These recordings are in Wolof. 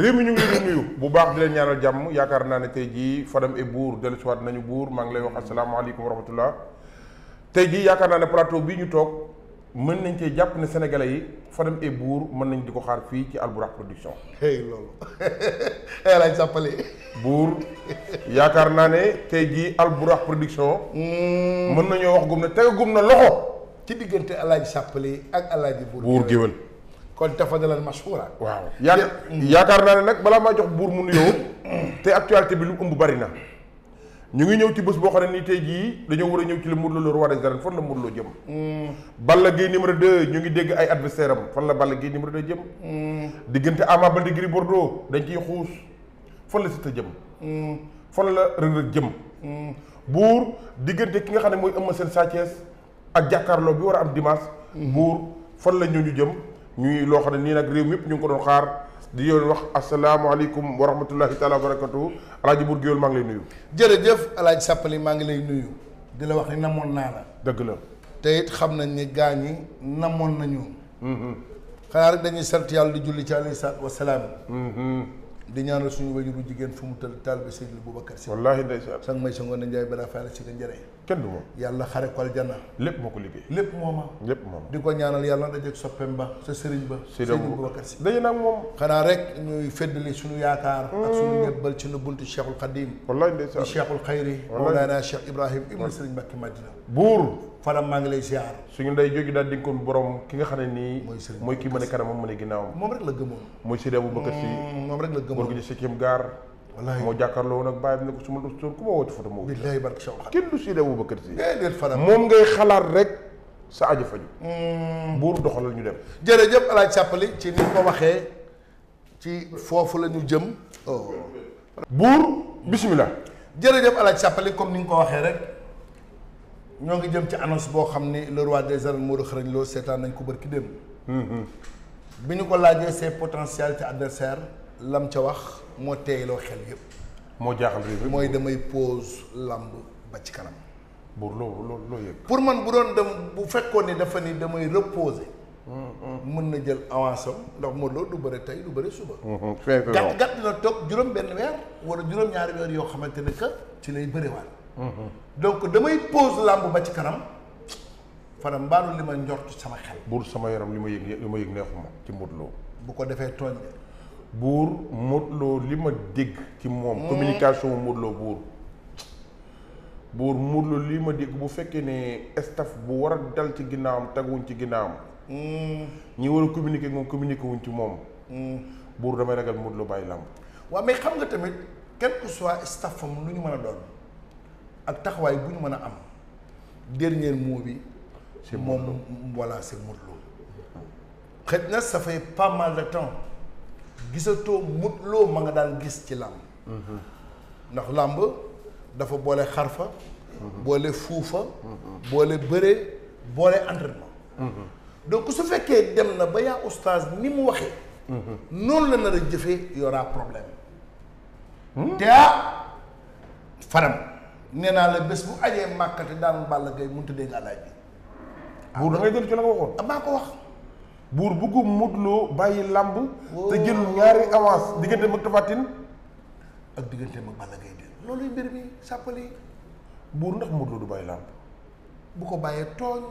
réew mi ñu ngi leen di nuyu bu baax di leen ñaanal jàmm yaakaar naa ne tey jii Fadam et Buur dellusiwaat nañu buur maa ngi lay wax asalaamaaleykum wa rahmatullah tey jii yaakaar naa ne plateau bii ñu toog mën nañ cee jàpp ne sénégalais yi Fadam Buur mën nañ di ko xaar fii ci Albourakh production. hey loolu El Hadj Sàppale buur yaakaar naa ne tey jii Albourakh production. Hmm. mën nañoo wax gum ne tege gum na loxo. ci diggante El Hadj Sàppale ak El Hadj Buur. buur géwël kon tafadalal mashhura waaw yaa mm-hmm. yaakaar naa ne nag balaa maa jox buur mu nuyoo te actualité bi lu ëmb bari na ñu ngi ñëw ci bës boo xam ne nii tey jii dañoo war a ñëw ci la Modou Lo roi des arènes fan la Modou Lo jëm mm-hmm. Balla Gaye numéro 2 ñu ngi dégg ay adversaire am fan la Balla Gaye numéro 2 jëm mm-hmm. diggante Ama Baldé Gris Bordeaux dañ ciy xuus fan la Siteu jëm fan la Reug Reug jëm buur diggante ki nga xam ne mooy Eumeu Sène Sa Thiès ak jàkkaarloo bi war a am dimanche buur fan la ñooñu jëm ñuy loo xam ne nii nag réew mi yëpp ñu ngi ko doon xaar di yoon wax asalaamaaleykum wa rahmatullahi taala wa barakatuhu alaaji buur géwél maa ngi lay nuyu jërëjëf alaaj sàppali maa ngi lay nuyu di la wax ni namoon naa la dëgg la te xam nañ ni gaa ñi namoon nañu mm-hmm. xanaa rek dañuy sant yàlla di julli ci alayhi salaatu wasalaam mm-hmm. di ñaanal suñu bu jigéen fu mu tëdd taal bi Seydil Boubacar Si wallaahi ndeysaan sang may sangoon na Njaay bara faala si nga kenn du moom yàlla xare ko aljana lépp moo ko liggéey lépp mooma lépp moom di ko ñaanal yàlla dajeeg soppeem ba sa sëriñ ba sëriñ Babacar Si daje nag moom xanaa rek ñuy feddali suñu yaakaar ak suñu ñëbbal mm. ci nu buntu cheikhul xadim wallaay ndeysaan di cheikhul xayri mawlaana cheikh ibrahim ibnu sëriñ Mbàkke Madina buur faram maa ngi lay ziar suñu ndey jógi daal dénkoon borom ki nga xam ne nii mooy kii mën a kanamam mën a ginnaaw moom rek la gëmoon mooy sëriñ Aboubacar Si mm, moom rek la gëmoon gaar wallaay moo jàkkaarloo woon ak bàyyi ne ko su ma doon ku ma woo ci photo ma woo. billaay barke Cheikh Oumar kenn du si moom ngay xalaat rek sa aju faju. Mm. buur doxalal ñu dem. jërëjëf El Hadj Sàppali ci ni ko waxee ci foofu la ñu jëm. Oh. buur bisimilah. jërëjëf El Sàppali comme ni nga ko waxee rek ñoo ngi jëm ci annonce boo xam ni le roi des arènes Modou Xarañ Lo seetaan nañ ko barki démb. Mm-hmm. bi ñu ko laajee ses potentialités adversaires lam ca wax moo teeyloo xel yëpp. moo jaaxal réew mooy damay pose làmb ba ci kanam. pour loo loo loo yëg pour man bu doon dem bu fekkoon ni dafa ni damay reposer. mën na jël avance am ndax Modou Lô du bëre tey du bëre suba. gàtt gàtt na toog juróom benn weer wala juróom ñaari weer yoo xamante ne que ci lay bëriwaat. donc damay pose làmb ba ci kanam fana mbaalu li ma njort sama xel. buur sama yaram li ma yëg li ma yëg neexuma ci Modou Lô. bu ko defee tooñ. buur Modou li ma dégg ci moom mm. communication Modou Lo buur buur Modou li ma dégg bu fekkee ne staff bu war a dal ci ginnaawam teguwuñ ci ginnaawam mm. ñi war a communiquer moom communiquer wuñ ci moom mm. buur damay ragal Modou Lo bàyyi làmb waaw mais xam nga tamit quel que soit staffam lu ñu mën a doon ak taxawaay bu ñu mën a am dernier mot bi c'est moom voilà c'est Modou Lo na ça fait pas mal temps gisatoo Modou Lo ma nga daan gis ci làmb ndax làmb dafa boole xarfa boole fuufa boole bëre boole entraînement donc su fekkee dem na ba yaa oustaz ni mu waxee noonu la nar a jëfee y'aura problème hmm? te ah faram nee naa la bés bu ajee màkkate daan Balla Gaye mënut a dégg alaaj bi buur da ngay ci la nga waxoon ah, maa ko wax buur bëggum Modou Lo bàyyi làmb te jël ñaari avance diggante mag Tapha Tine ak diggante mag Balla Gaye de looluy mbir mi sàppali buur ndax Modou Lo du bàyyi làmb bu ko bàyyee tooñ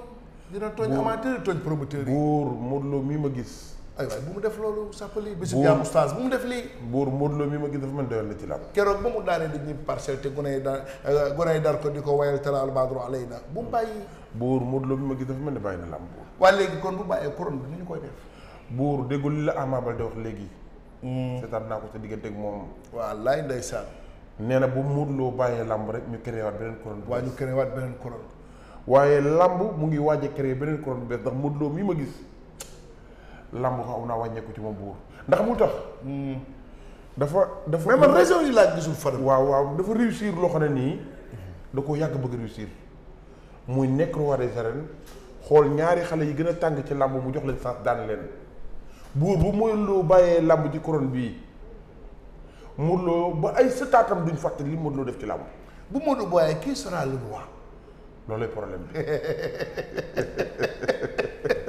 dina tooñ amateur tooñ promoteur yi buur Modou mii ma gis ay waay bu mu def loolu sàppali bisu jaam oustaz bu mu def lii buur Modou Lo mi ma gis dafa mel doyal la ci lam keroog ba mu daanee di ñuy parcelle te guney da euh, guney dar ko di ko wayal talal badru alayna bu mu bàyyi buur Modou Lo mi ma gis dafa mel ne bàyyi na lam buur léegi kon bu bàyyee ñu koy def buur déggul li la Ama Baldé léegi hmm. seetaan naa ko sa diggante ak moom wallaay ndeysaan nee na bu Modou Lo bàyyee lamb rek ñu créé waat beneen couronne waaye ñu beneen couronne waaye lamb mu ngi waaj a créé beneen couronne bees ndax Modou mi ma gis lamb xaw naa wàññeeku ci moom buur ndax mu tax hmm. dafa dafa mais man raison yi laa gisul Fadam waaw waaw dafa réussir loo xam nii da ko yàgg bëgg réussir muy nekk roi des arènes xool ñaari xale yi gën a tàng ci làmb mu jox leen chance daan leen buur bu Modou Lo bàyyee làmb ci couronne bi Modou loo ba ay sëtaatam duñ fàtte li Modou Lo def ci làmb bu Modou Lo bàyyee qui sera le roi loolu problème bi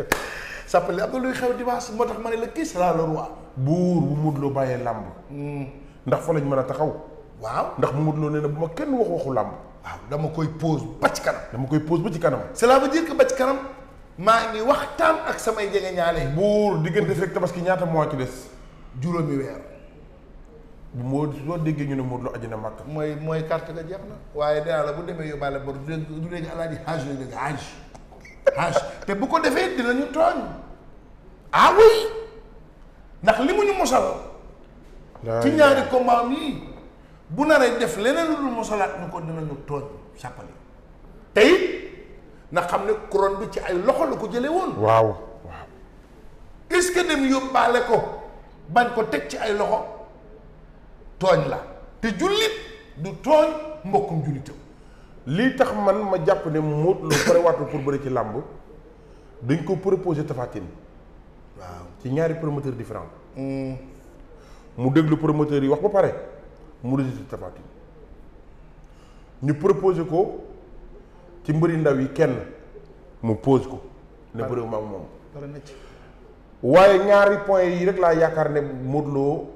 sàppali am na luy xew dimanche moo tax ma ne la kii sera le roi. buur bu Modou Lo bàyyee làmb hmm. ndax fa lañ mën a taxaw. waaw ndax Modou Lo nee na bu ma kenn wax waxu làmb waaw dama koy pose ba ci kanam. dama koy pose ba ci kanam. cela ba dire que ba ci kanam maa ngi waxtaan ak samay jegeñaale. buur diggante fekk tabaski ñaata moo ci des. juróomi weer. bu moo soo déggee ñu ne Modou Lo aji na Makka. mooy mooy carte ga jeex na. waaye dinaa la bu demee yóbbaale te bu ko defee dinañu tooñ ah oui ndax li mu ñu mosal ci ñaari combat yii bu naree def leneen lu dul mosalaat ñu ko dinañu tooñ sàppali tey it na xam ne couronne bi ci ay loxo la ko jële woon waaw waaw est-ce que dem yóbbaale ko bañ ko teg ci ay loxo tooñ la te jullit du tooñ mbokkum jullitam lii tax man ma jàpp ne Modou Lo pare waatul pour bëri ci làmb dañ ko proposé Tapha Tine ci ñaari promoteur différents hmm. mu déglu promoteur yi wax ba pare mu rejeté Tapha ñu proposé ko ci mbëri ndaw yi kenn mu pose ko ne bëriwu ma ak moom waaye ñaari point yi rek laa yaakaar ne Modou Lo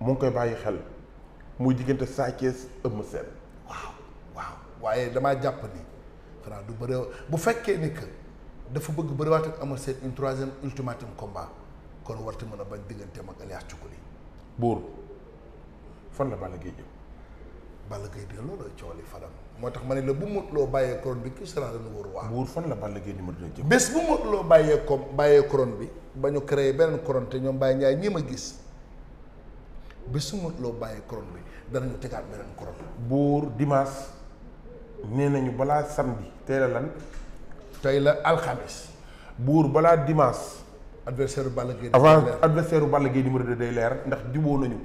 mu ngi koy bàyyi xel muy diggante Sa Thiès Eumeu waaye damaa jàpp ni Franc du bëre bu fekkee ni que dafa bëgg bëriwaat ak Eumeu Sène une troisième ultimatum combat kon warti mën a bañ digganteem ak Elias Thioukoli. buur fan la Balla Gaye jëm. Balla Gaye li faram moo tax ma ne la bu Modou bàyyee couronne bi qui sera le nouveau fan la Balla Gaye numéro 2 jëm. bés bu Modou Lô bàyyee ko bàyyee couronne bi ba ñu créé beneen couronne te ñoom Baye Ndiaye ñi ma gis bés bu Modou Lô bàyyee couronne bi danañu tegaat beneen couronne. buur dimanche. ne nañu balaa samedi tey la lan tey la alxames buur balaa dimaas adversaire Balla Gaye avant adversaire Balla Gaye numéro 2 day leer ndax juboo nañu.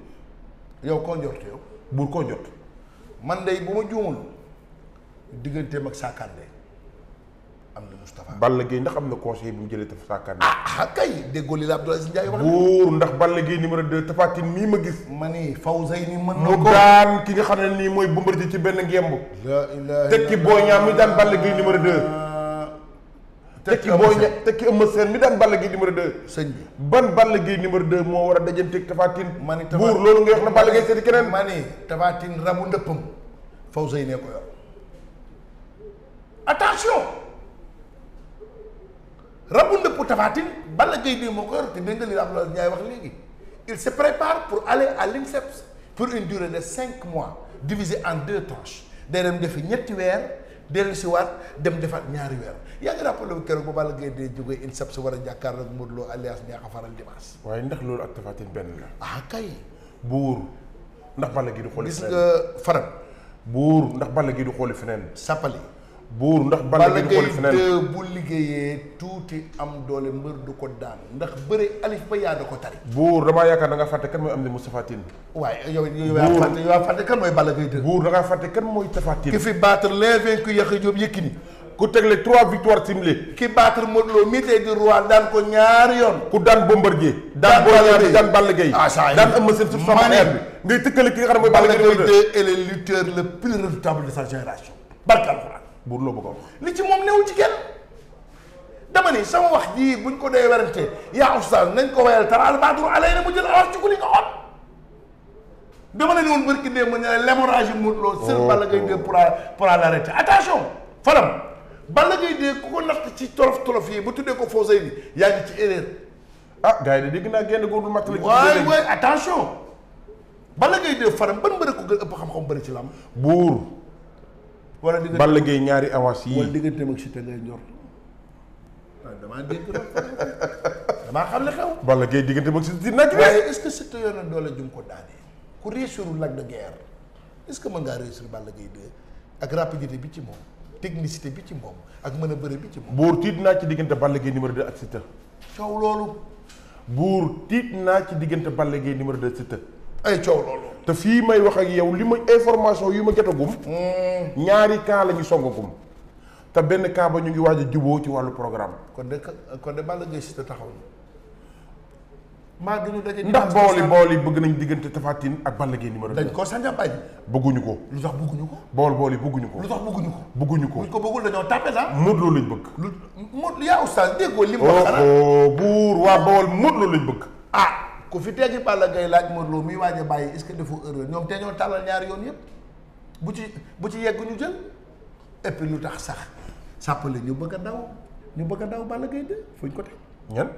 yow koo njort yow. buur koo jot man de bu ma juumul digganteem ak Sakandé. am na Moustapha Balla Gaye ndax am na conseil bu mu jëlee Tafa Sakkan. Ah, ah kay déggoo li la Abdoulaye Aziz Ndiaye wax. wóor ndax Balla Gaye numéro 2 mii ma gis. ma ni Fawzayni mën na mu daan ki nga xam ne nii mooy Bombardier ci benn ngemb. la ilaha tekki Boy Niang mi daan Balla Gaye numéro 2. Ah, tekki Boy Niang tekki Eumeu Sène sëñ bi ban Balla Gaye numéro 2 moo war a dajanteeg Tafatine. ma ni Tafatine wóor loolu nga wax na Balla Gaye seeti keneen. ma ni Tafatine rabu ndëppam Fawzayni ko yor attention. rabu pour tafatine Tine Balla Gaye de ko yor te dégg nga li Abdoulaye Ndiaye wax léegi il se prépare pour aller à l'INSEPS pour une durée de 5 mois divisé en deux tranches day dem defi ñetti weer dellu si waat dem defaat ñaari weer ya nga rappelé wu keroog bu Balla Gaye de jógee INSEPS war a ak modlo alias Niakha Faral dimanche. waaye ndax loolu ak tafatine Tine la. ah kay. bour ndax Balla gi du xol gis nga faram. bour ndax Balla gi du xol feneen. Sapali. buur ndax Balla Gaye de bu liggéeyee tuuti am doole mbër du ko daan ndax bëre alif ba yaa da ko tari. buur damaa yaakaar da nga fàtte kan mooy am di Moustapha Tine. waaye yow yow yaa fàtte yow yaa fàtte kan mooy Balla Gaye de. buur da ngaa fàtte kan mooy Tapha Tine. ki fi battre les vaincus Yakhya Diop Yékini. ku tegle trois victoires similées. ki battre Modou Lo mi tey di roi daan ko ñaari yoon. ku daan Bombardier. daan Balla Gaye daan Balla Gaye. ah saa daan Eumeu Sène suuf sama xeer bi. ngay tëkkale ki nga xam ne mooy Balla Gaye de. Balla Gaye de est le lutteur le plus redoutable de sa génération. barkal buur loo bëgg wax li ci moom new ci kenn dama ni sama wax jii buñ ko dee werante yaa oustaz nañ ko wayal taral baaduru alay na mu jël awax ci ku li nga xool dama la ñu woon barki dee ma ne la l'hémorragie Modou Lo sër oh, Balla Gaye oh. dee pour pour l'arrêter attention falam Balla Gaye dee ku ko natt ci tolof tolof yi bu tuddee ko fausey bi yaa ngi ci erreur ah gars yi de dégg naa genn góor du matt la waay waay attention Balla Gaye dee faram ban mbër ko gën ëpp xam-xam bëri ci lam buur wala diggante Balla Gaye ñaari avance yii wala digganteem ak Siteu ngay ñor. Ah, damaa xam ne xew. Balla Gaye diggante ak Siteu nekk waaye est ce que Siteu yor na doole jum ko daanee ku réussirul Lac de Guiers est ce que mën ngaa réussir Balla Gaye 2 ak rapidité bi ci moom technicité bi ci moom ak mën a bëre bi ci moom. buur tiit naa ci diggante Balla Gaye numéro 2 ak Siteu. coow loolu. buur tiit naa ci diggante Balla Gaye numéro 2 Siteu. ay coow loolu. te fii may wax ak yow li ma information yu ma jotagum. Hmm. ñaari kaala la ñu songagum. te benn kaaba ñu ngi waaj a juboo ci wàllu programme. kon de kon de Balla Gaye Siteu taxaw na. maa ngi ñu daje. yi booli booli bëgg nañ diggante Tapha Tine ak Balla Gaye numéro dañ ko sañ a bañ. ko. lu bëgguñu ko. bool bëgguñu ko. lu bëgguñu ko. bëgguñu ko buñ ko bëggul dañoo tàppe la. Modou Lo oh oh, buur waa bool Modou Lo lañ bëgg ah, ku fi teggi Balla Gaye laaj Modou Lo muy waaj bàyyi est-ce que defoo erreur ñoom te ñoo tàllal ñaari yoon yëpp bu ci bu ci yegg ñu jël et puis lu tax sax sàppale ñu bëgg a daw ñu bëgg a daw Balla Gaye de fuñ ko teg ñan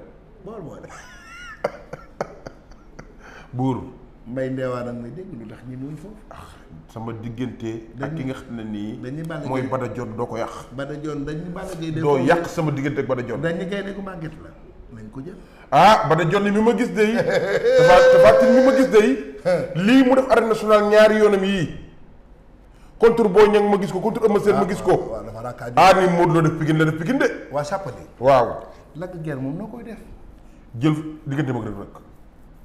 bool bool buur mbay ndeewaan ak may dégg lu tax ñi muy foofu ah, sama diggante ak ki nga xam ne nii dañuy Balla Gaye mooy Bada Dione doo ko yàq Bada Dione dañu Balla Gaye doo yàq sama diggante ak Bada Dione dañu gaynde gu màgget la nañ ko jël ah ba da jonni mi ma gis day dafa dafa tin mi ma gis day lii mu def Kontur nationale ñaari yoonam yii contre Boy Niang ma gis ko contre Eumeu Sène ma gis ko ah, ah ni Modou Lo def Pikine la def Pikine de waa sàppali waaw Lac de Guiers moom def jël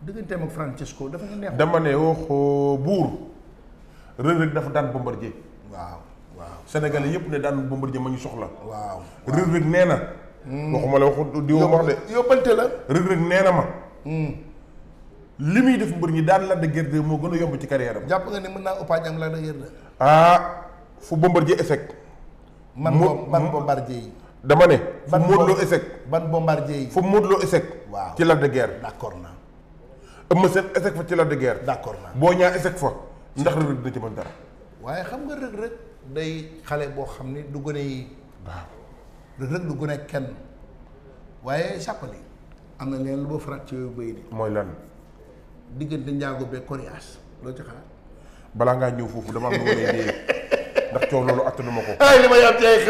digganteem Francesco dafa neex dama ne waxoo buur Reug Reug dafa daan Bombardier waaw waaw Sénégalais yëpp ne daan Bombardier ma ñu soxla waaw Reug Hmm. waxuma la waxu wax de. yóbbante la. Reug Reug nee na ma. Hmm. li muy def mbër ñi daan Lac de Guiers 2 moo gën a yomb ci carrière am. jàpp nga ne mën naa upaaj am Lac de Guiers ah, fu ah ji Bombardier échec. man moom man ji hmm? yi. dama ne. ban fu Modou Lo échec. ban Bombardier yi. fu Modou Lo waaw ci Lac de Guiers. naa. Eumeu Sène ci Lac de Guiers. d'accord boo ñaar échec fa. ndax Reug Reug dina ci mën dara. waaye xam nga Reug Reug day xale boo xam ne du gën a yi. rek rek du gën a kenn waaye sàppali am na leen lu ma farat mooy lan diggante njaago be coriace loo ci xalaat balaa ngaa ñëw foofu dama am lu ma ndax coow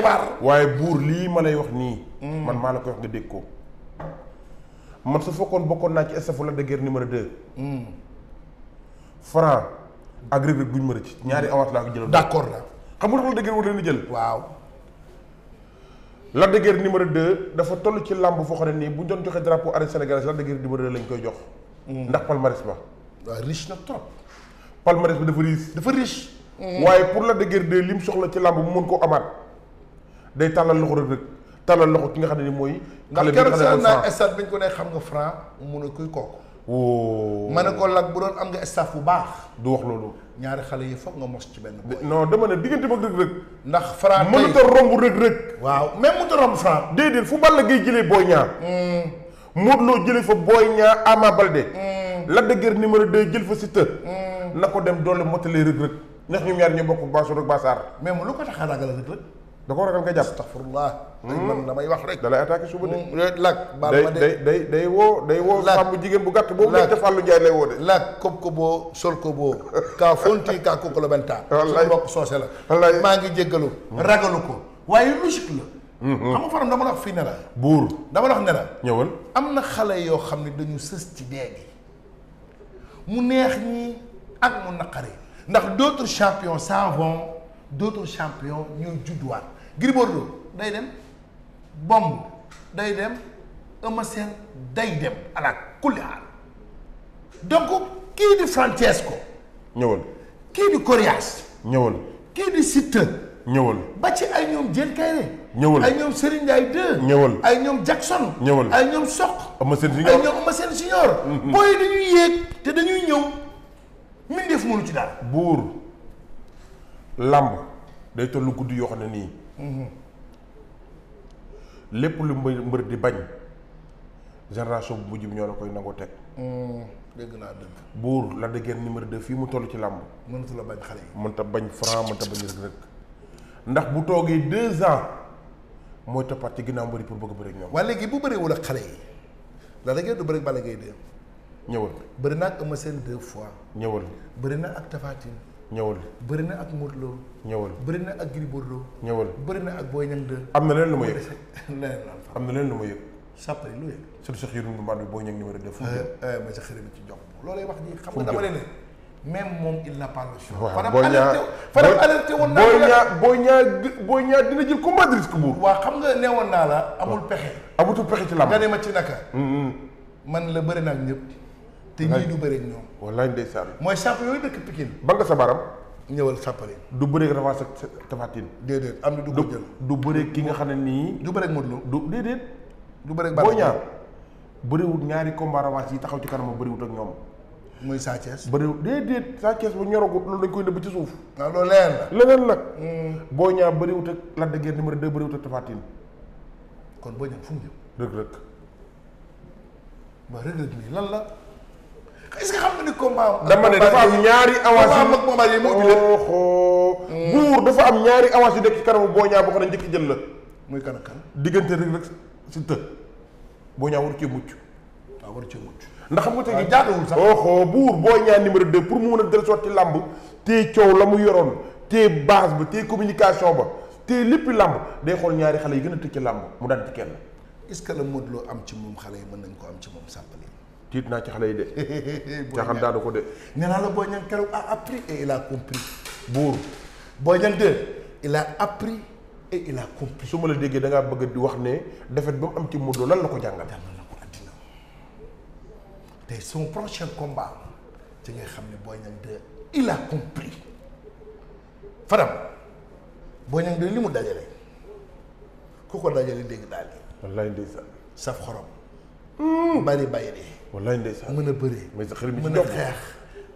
ko waaye buur lii ma lay wax nii mm. man maa la koy wax nga dégg ko man bokkoon naa ci stafu Lac de Guiers numéro deux mm. Franc ñaari mm. awaat laa ko jëloon d'accord la xam nga lu Lac de Guiers jël waaw Lac de Guiers numéro 2 dafa toll ci làmb foo xam ne nii bu ñu doon joxe drapeau arène sénégalaise Lac de Guiers numéro 2 lañ koy jox. Hmm. ndax palmarès ba. waaw riche na trop. palmarès dafa riche hmm. waaye pour Lac de Guiers li mu soxla ci làmb mu mën koo amaat day tàllal loxo rek rek tàllal loxo ki nga xam ne nii mooy. xale bi nga xam ne naa stade bi ñu ko ne xam nga franc mu ne kuy kooku. wóo ma ne ko Lac bu doon am nga staff bu baax. du wax loolu. ñaari xale yi foog nga mos ci benn booy. non dama ne diggante mag rëg-rëg. ndax Franc tey mënut a romb rëg-rëg. waaw mais mënut a romb Franc. déedéet fu Balla Gaye jëlee Boy Niang. Hmm. Modou Lo jëlee fa Boy Niang Ama Baldé. Hmm. Lac de Guiers numéro 2 jël fa Siteu. Hmm. na ko dem doole motalee rëg-rëg. ndax ñoom ñaar ñu bokk baasu rek baasaar. mais mu lu ko tax a ragal rëg-rëg. da ko ragal nga jàpp. astaghfirullah man hmm. damay wax rek. da lay attaqué suba de. Hmm. lak baal ma de day day woo day woo. lak bu jigéen bu gàtt boobu. lak te Fallou Ndiaye lay woo de. lak kob koboo sol koboo. kaa fonti kaa kokolo benta. wallaay su mbokk soose la. wallaay maa ngi jéggalu. Hmm. ragalu ko waaye logique la. xam nga faram dama la wax fii ne buur dama la wax ne la. ñëwal am na xale yoo xam ne dañu sës ci dee gi mu neex ñi ak mu naqari ndax d'autres champions s'en vont d'autres champions judduwaat Gris Bordeaux day bomb day dem Eumeu Sène day dem ala kulli haal donc kii di Francesco ñëwal kii di Coriace ñëwal kii di Siteu ñëwal ba ci ay ñoom Diène Kaïré ñëwal ay ñoom Serigne Ndiaye 2 ñëwal ay ñoom Jackson ñëwal ay ñoom Sokh Eumeu Sène Junior ay mm-hmm. dañuy yéeg te dañuy ñëw min mënu ci daal buur làmb day tollu guddi yoo xam ne nii mm-hmm. lépp lu mbër mbër di bañ génération bu mujj bi ñoo la koy nangoo teg. Hmm, dégg naa dëgg. buur la dëggeen numéro 2 fii mu toll ci làmb. mënatu la bañ xale yi. mënta bañ franc mënta bañ rek ndax bu toogee deux ans mooy toppaat ci ginnaaw pour bëgg bëri ak ñoom. waaye bu bëriwul ak xale yi la dëggeen du bëri ak Balla Gaye de. ñëwal bëri na ak Eumeu fois. ñëwal bëri na ak ñëwal bëri na ak Modou loo ñëwal bëri na ak Gris Bordeaux. ñëwal bëri na ak Boy Niang 2. am na leen lu ma yëg am leen lu ma yëg. sàppali lu yëg. surtout sax yëngu mbaat bi Boy Niang numéro 2. fu mu eh, jëm ma sa xarit ci jox xam nga dama leen ne moom il n'a pas le choix. waaw Boy alerté woon naa la Boy Niang Boy Niang dina jël combat de risque buur. waaw xam nga newoon naa la amul pexe. amutul pexe ci làmb. nga ne ma ci naka. Mm-hmm. man la bëri na ak ñëpp. te ñii du bëri ñoom. wallaay ndeysaan. mooy sàpp yooyu dëkk Pikine. ba nga sa baram. ñëwal sàppali. du bëreeg Tapha ak Tapha Tine. déedéet am na du ko jël du bëreeg ki nga xam ne nii. du bëreeg moo du déedéet. du bëreeg Balla Gaye boo ñaar bëriwut ñaari combat revanche yi taxaw ci kanam bëriwut ak ñoom. mooy Sa Thiès. bëriwut déedéet Sa Thiès ba ñoragut loolu dañ koy nëbb ci suuf. waaw loolu leneen la. leneen la. Hmm. boo ñaar bëriwut ak Lac de Guiers numéro 2 bëriwut ak Tapha kon boo ñaar la est-ce que ne dafa am ñaari avance yi ak combat yi moo ubbi leen buur dafa am ñaari avance yi nekk ci kanamu boo ñaa boo xam ne njëkk jël la muy kan ak diggante rek boo ñaa war cee mucc ndax xam nga tey gi ah, jaaduwul sax oho boo ñaa numéro 2 pour mu mën a del sotti làmb te la mu yoroon te base ba te communication ba te lépp lamb day xool ñaari xale yi gën a tëj ci làmb mu daan ci kenn est la Modou Lo am ci moom xale yi mën nañ ko am ci moom sàppali tiit naa ci xale yi de. caaxaan daanu ko de. nee naa la Boy Niang keroog a appris et il a compris. buur Boy Niang 2 il a appris et il a compris. su ma la déggee da bëgg di wax ne defet ba mu am ci Modou Lo lan la ko jàngal. jàngal na ko àddina tey son prochain combat ci nga xam ne Boy Niang 2 il a compris Fadam Boy Niang 2 li mu dajale ku ko dajale dégg daal di. wallaay ndeysaan. saf xorom. Mm. bari bàyyi de. wallaay ndeysaan mën a bëree. mais sa xel mi ci mën a xeex.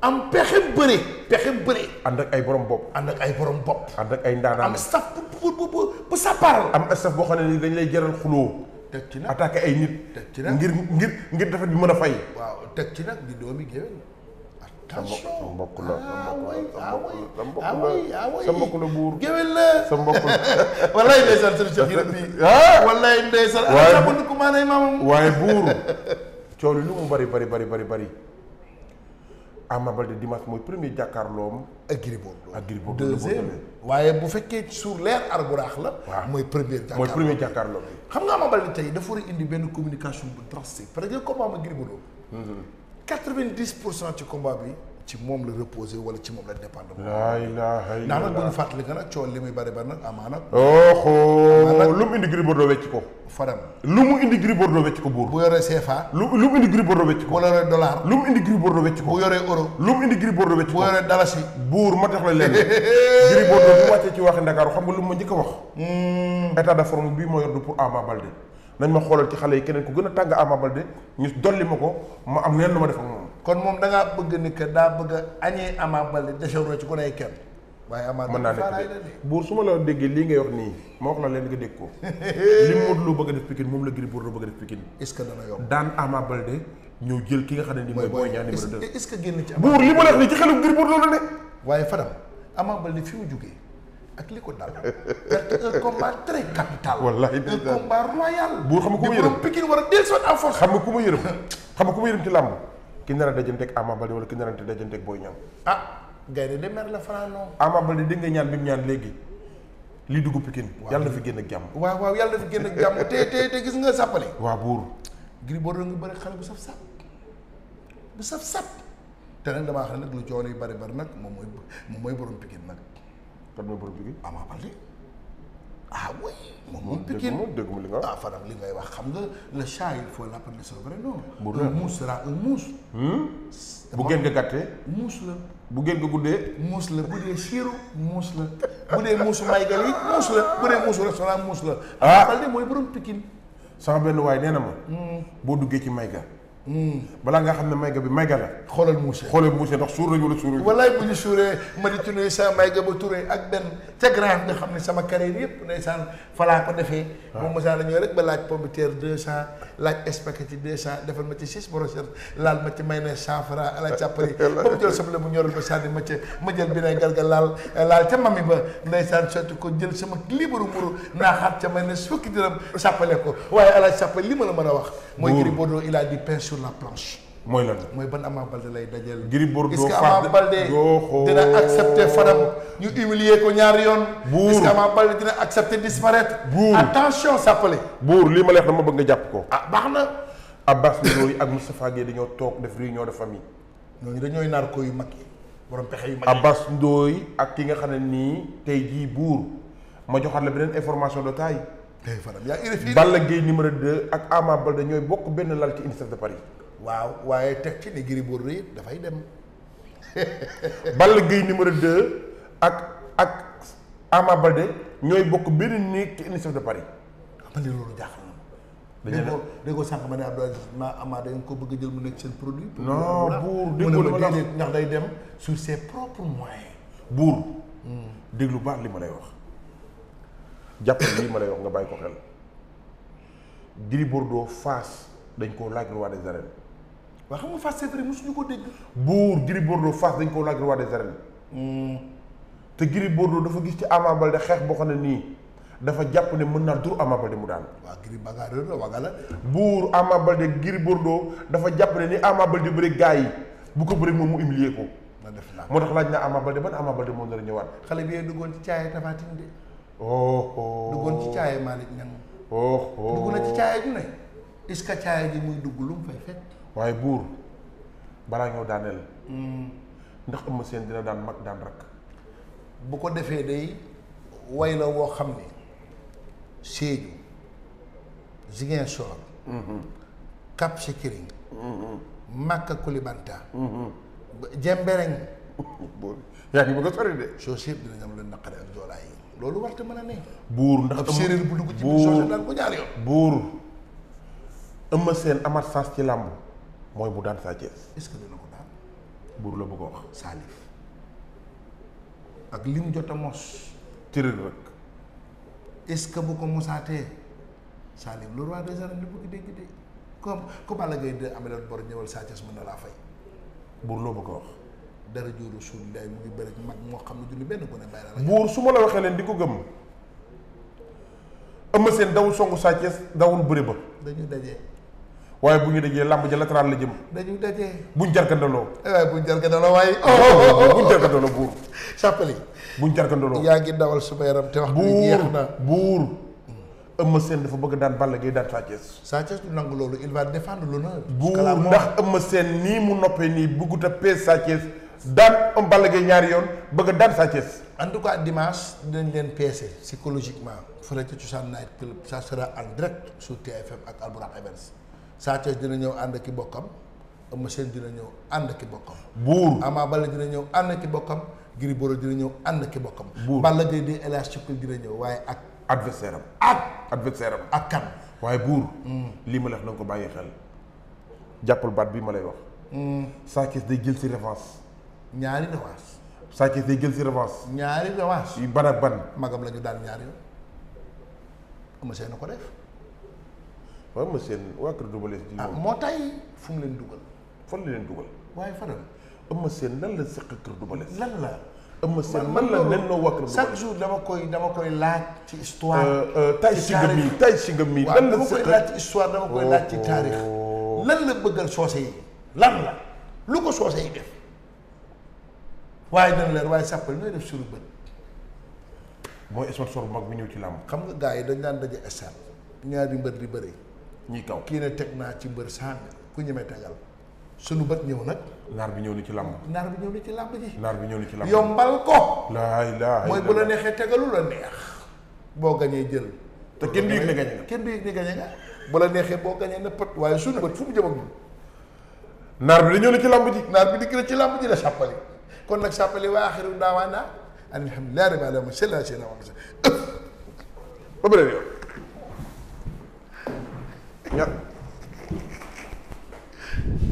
am pexe bëre pexe bëre. ànd ak ay borom bopp. ànd ak ay borom bopp. ànd ak ay ndaanaan am staff am boo xam ne dañ lay jaral xuloo. teg ci nag ay nit. teg ci nag ngir mën a fay. waaw ci nag di doomi géwél. attention sa mbokk la sa mbokk buur. coow li lu mu bari bari bari bari bari Ama Baldé dimanche mooy premier jàkkaarloom. ak Gris Bordeaux ak Gris Bordeaux deuxième waaye bu fekkee sur leer arburaax la. waaw mooy premier jàkkaarloom mooy premier jàkkaarloom xam nga Ama Baldé tey dafa war a indi benn communication bu tracée parce que combat ma Gris Bordeaux. Mm-hmm. quatre pour cent ci combat bi. ci moom la reposé wala ci moom la dépendre. laa ilaaha illallaah ndax nag bu ñu fàttali que nag coono li muy bari bari nag amaana. Oh, amaana lu mu indi Gris Bordeaux wecc ko. Fadam lu mu indi Gris Bordeaux wecc ko buur. bu yoree CFA. lu lu mu indi Gris Bordeaux wecc ko. bu yoree dollar. lu mu indi Gris Bordeaux wecc ko. bu yoree euro. lu mu indi Gris Bordeaux wecc ko. bu yoree dalasi. buur ma tax la leen. Gris Bordeaux bu wàccee ci waxi Ndakaaru xam nga lu ma njëkk a wax. Hmm. état de forme bii moo yor du pour Ama Baldé nañ ma xoolal ci xale yi keneen ku gën a tàng Ama Baldé ñu dolli ma ko ma am leen lu ma def ak moom kon moom da bëgg ni que daa bëgg a añee Ama Baldé déchargé ci ku ne kenn waaye naa nekk buur su ma la déggee lii ngay wax ma wax la leen ko li bëgg moom la Gris Bordeaux a def ki nga xam ne mooy Boy Niang numéro 2 est-ce que génn ci buur li ma la wax nii ak li ko dal perte un combat très capital wallahi un xam nga ku ma yërëm xam nga ku ma yërëm xam nga ku ma ci làmb ki nar a dajanteeg Ama Baldé wala ki nar a dajanteeg Boy Niang ah gaynde de mer la fanaanoo Ama Baldé dégg nga ñaan bi mu ñaan léegi li dugg Pikine yàlla na fi génn ak jàmm waaw waaw yàlla na fi génn ak jàmm te te te gis nga sàppale waaw buur Gris Bordeaux nga bëri xale bu saf sap bu saf sap te nag damaa xam ne lu coono yu bari bari nag moom mooy moom mooy borom Pikine nag kan mooy borom Pikine Ama Baldé ah oui moom moom Pikine dëgg li nga ah li ngay wax xam nga le chat il faut l'appeler son vrai nom. bu dee muus sera un muus. Hmm? bu ngeen di muus la. bu ngeen di guddee. muus la bu dee siiru muus la bu dee muusu maygal yi muus la bu dee muusu restaurant muus la. ah Balde mooy borom Pikine. sama benn waay nee na ma. Hmm. boo duggee ci maygal. balaa nga xam ne mayga bi mayga la. xoolal muuse xoolal muuse ndax suur nañu wala suuruñu. walaay bu ñu suuree ma di tuddee sa mayga ba turee ak benn ca grand nga xam ne sama carrière yëpp ndeysaan fa laa ko defee. waaw moom mosaan la ñëw rek ba laaj pomme de terre deux cent. laaj spaghetti deux cent defal ma ci six brochettes laal ma ci may cent franc à la càppari ba mu jël soble bu ñorul ba sànni ma ci ma jël bi nay garga laal laal ca mami ba ndeysaan sotti ko jël sama liibaru mburu naaxaat ca na fukki dërëm sàppale ko waaye à la càppari li ma la mën a wax mooy Gris Bordeaux il a du pain sur la planche mooy lan mooy ban Ama Baldé lay dajeel. Gris Bordeaux est-ce que Ama Baldé dina accepter Fadam ñu humilier ko ñaari yoon. buur est-ce que Ama Baldé dina accepter disparaître. buur attention Sapalé. buur lii ma leex dama bëgg nga jàpp ko. ah baax na. Abbas Ndoye ak Moustapha Guèye dañoo toog def réunion de famille. ñooñu dañooy naar ko yu mag yi borom pexe yu mag yi. ak ki nga xam ne nii tey jii buur ma joxaat la beneen information de taille. tey eh, Fadam yaa ngi Balla Gaye numéro 2 ak Ama Baldé ñooy bokk benn lal ci INSEP de waaw waaye teg ci ne Gris Bordeaux it dafay dem. Balla Gaye numéro 2 ak ak Ama Baldé ñooy bokk benn néeg ci émission de Paris. xam nga loolu jaaxal na ma. dañu ne déggoo sànq ma ne Abdou dañ ko bëgg a jël mu seen produit. non buur day dem su ses propres moyens. buur hmm. déglu baax li ma lay wax jàpp lii ma lay wax nga bàyyi ko xel Gris Bordeaux face dañ koo laaj roi des arènes. waaw xam nga Fass c'est su mosuñu ko dégg. buur Gris Bordeaux Fass dañ ko laaj roi des arènes. Hmm. te Gris Bordeaux dafa gis ci Ama Baldé xeex boo xam ne nii dafa jàpp ne mën naa dur Ama Baldé mu daan. waaw Gris bagarreur la waga la. buur Ama Baldé dafa jàpp ne ni Ama Baldé bëri gaa yi bu ko bëri moom mu humilier ko. moo tax laaj naa Ama Baldé ban Ama Baldé moo nar a ñëwaat. xale bi yee duggoon ci caaye tafatin de. oh oh duggoon ci caaye Malick Niang. oh oh dugg na ci caaye ju ne. est caaye ji muy dugg lu mu fay fekk. waaye buur balaa ñëw daaneel. Hmm. ndax Eumeu Sène dina daan mag daan rakk. bu ko defee day way la woo xam ni Sédhiou Ziguinchor. Cap Skirring. Maka Koulibantang. Jembereng. buur yaa yi bëgg a sori de. soos yëpp dinañ am lu naqare ak joolaa yi. loolu warte mën a ne. buur ndax am séeréer bu dugg ci biir daan ko ñaar yoon. buur Eumeu seen amaat sens ci làmb. mooy bu daan Sa Thiès. est-ce ko daan. buur la bëgg a wax. Salif ak lim jot a mos. ci rek est-ce que bu ko mosaatee Salif le roi des arènes li bëgg dégg de comme ko Balla Gaye de ameloon bor ñëwal Sa mën na laa fay. buur la bëgg a wax. dara jooju Rasulullah mu ngi bëri mag moo xam ne julli benn gone bàyyi la. buur su ma la waxee leen di ko gëm. Eumeu Sène dawul songu Sa dawul bëri ba. dañu dajee. waaye bu ñu dajee làmb ja latéral la jëm. dañu daje. buñ jarkandaloo. Eh, waaye oh, oh, oh, buñ jarkandaloo waaye. buñ jarkandaloo buur. Chapelet. buñ jarkandaloo. yaa ngi dawal suma yaram te wax. buur jeex bur. buur. Eumeu Sène dafa bëgg daan Balla Gaye daan Sa Thiès. Sa Thiès du nangu loolu il va défendre l'honneur. buur ndax Eumeu Sène nii mu noppee nii bëggut a pees Sa Thiès daan am Balla Gaye ñaari yoon bëgg a daan Sa en tout cas dimanche dinañ leen peese psychologiquement. fële ca Cosaan Night Club ça sera en direct sur TFM ak Albouraq Events. Sa Thiès dina ñëw ànd ki bokkam Eumeu Sène dina ñëw ànd ki bokkam buur Ama Baldé dina ñëw ànd ki bokkam Gris Bordeaux dina ñëw ànd ki bokkam buur Balla Gaye di El Hadji Coukul dina ñëw waaye ak adversaire am ak adversaire am ak kan waaye buur hmm. lii ma leex na ko bàyyi xel jàppal baat bi ma lay wax hmm. Sa Thiès day jël si revanche ñaari revanche Sa Thiès day jël ci revanche ñaari revanche yu ban ak ban magam la ñu daan ñaari na ko waaw ma seen waa kër Double Less ah, moo tay fu mu leen dugal. fan la leen dugal. waaye fanam. Eumeu seen lan la seq kër Double Less. lan la. Eumeu Sène lan la nen noo waa kër Double Less dama koy dama koy laaj. ci histoire tay si nga mii tay si nga mii. lan la dama koy laaj ci histoire oh. la bëggal soose yi. lan la lu ko soose yi def. waaye dana leer waaye sàppal nooy def suru bët. mooy sponsor bu bi ñëw ci làmb. xam nga gars yi dañ daan daje stade ñaari mbër di bëri. ñii kaw kii ne teg naa ci mbër sàng ku ñemee tegal sunu bët ñëw nag. naar bi ñëw ni ci làmb. naar bi ñëw ni ci làmb ji. naar bi ñëw la ci làmb ji ko. laa la neexee tegalu la neex. boo gañee jël. te kenn du yëg ne gañe nga kenn du yëg ne gañe nga. bu la neexee boo gañee na pët waaye sunu bët fu naar bi la ñëw ci làmb ji. naar bi dikk na ci làmb ji la sàppali. kon nag sàppali waa axiru daawaanaa alhamdulilah rabbil aalamiin. ba beneen yoon. nhất dạ.